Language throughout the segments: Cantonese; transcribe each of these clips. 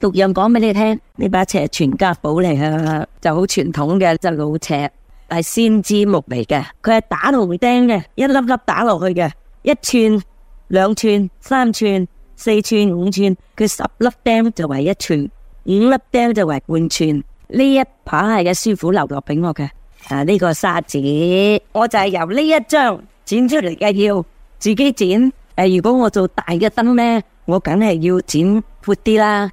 獨人講俾你聽，呢把尺係全家寶嚟嘅，就好傳統嘅，就老尺係先知木嚟嘅。佢係打銅釘嘅，一粒粒打落去嘅，一寸、兩寸、三寸、四寸、五寸，佢十粒釘就為一寸，五粒釘就為半寸。呢一排係嘅師傅留落俾我嘅。啊，呢個沙紙我就係由呢一張剪出嚟嘅，要自己剪。誒，如果我做大嘅燈呢，我梗係要剪闊啲啦。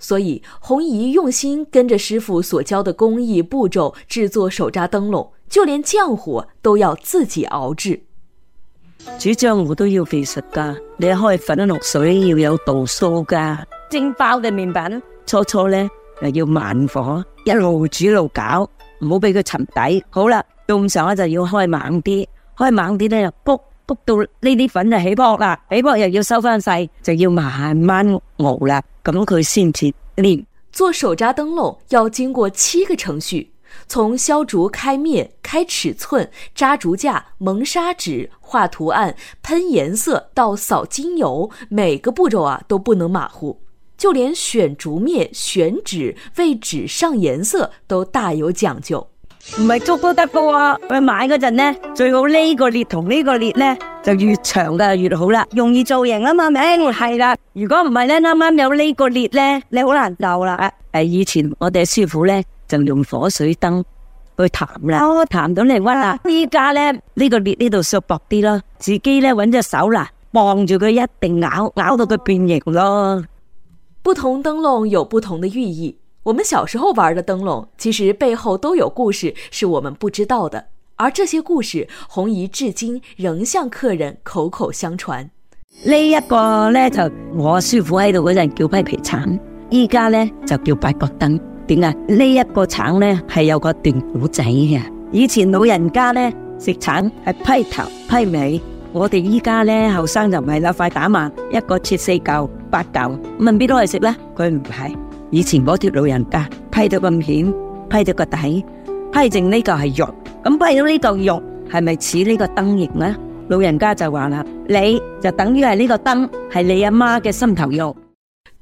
所以，紅姨用心跟着師傅所教的工藝步驟製作手紮燈籠，就連漿糊都要自己熬製。煮漿糊都要費時噶，你開粉卤水要有度數噶。蒸包嘅麵粉，初初咧又要慢火，一路煮一路搞，唔好俾佢沉底。好啦，用上咧就要開猛啲，開猛啲咧就卜。篤到呢啲粉就起泡啦，起泡又要收翻晒，就要慢慢熬啦，咁佢先至粘做手紮燈籠要經過七個程序，從削竹、開篾、開尺寸、紮竹架、蒙砂紙、畫圖案、噴顏色到掃精油，每個步驟啊都不能馬虎，就連選竹篾、選紙、為紙上顏色都大有講究。唔係捉都得噶喎，啊，去買嗰陣呢，最好呢個列同呢個列呢就越長嘅越好啦，容易造型啦嘛，明係啦。如果唔係呢，啱啱有呢個列呢，你好難就啦，啊啊。以前我哋嘅師傅呢，就用火水燈去淡啦，淡、哦、到你屈啦。依家呢，呢、這個列呢度削薄啲咯，自己呢揾隻手啦，啊，綁住佢一定咬咬到佢變形咯。不同燈籠有不同嘅寓意。我們小時候玩的燈籠，其實背後都有故事，是我們不知道的。而這些故事，紅姨至今仍向客人口口相傳。呢、這、一個呢，就我師傅喺度嗰陣叫批皮皮橙，依家呢，就叫八角燈。點解呢一個橙呢，係有個段古仔嘅。以前老人家呢，食橙係批頭批尾，我哋依家呢，後生就唔係啦，快打慢，一個切四嚿八嚿，問邊都係食啦，佢唔係。以前嗰條老人家批到咁淺，批到個底，批剩呢個係肉。咁批到呢個肉係咪似呢個燈形呢？老人家就話啦：你就等於係呢個燈，係你阿媽嘅心頭肉，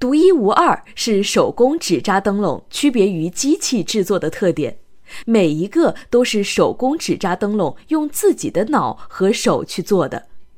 獨一無二，是手工紙紮燈籠區別於機器製作的特點。每一個都是手工紙紮燈籠，用自己的腦和手去做的。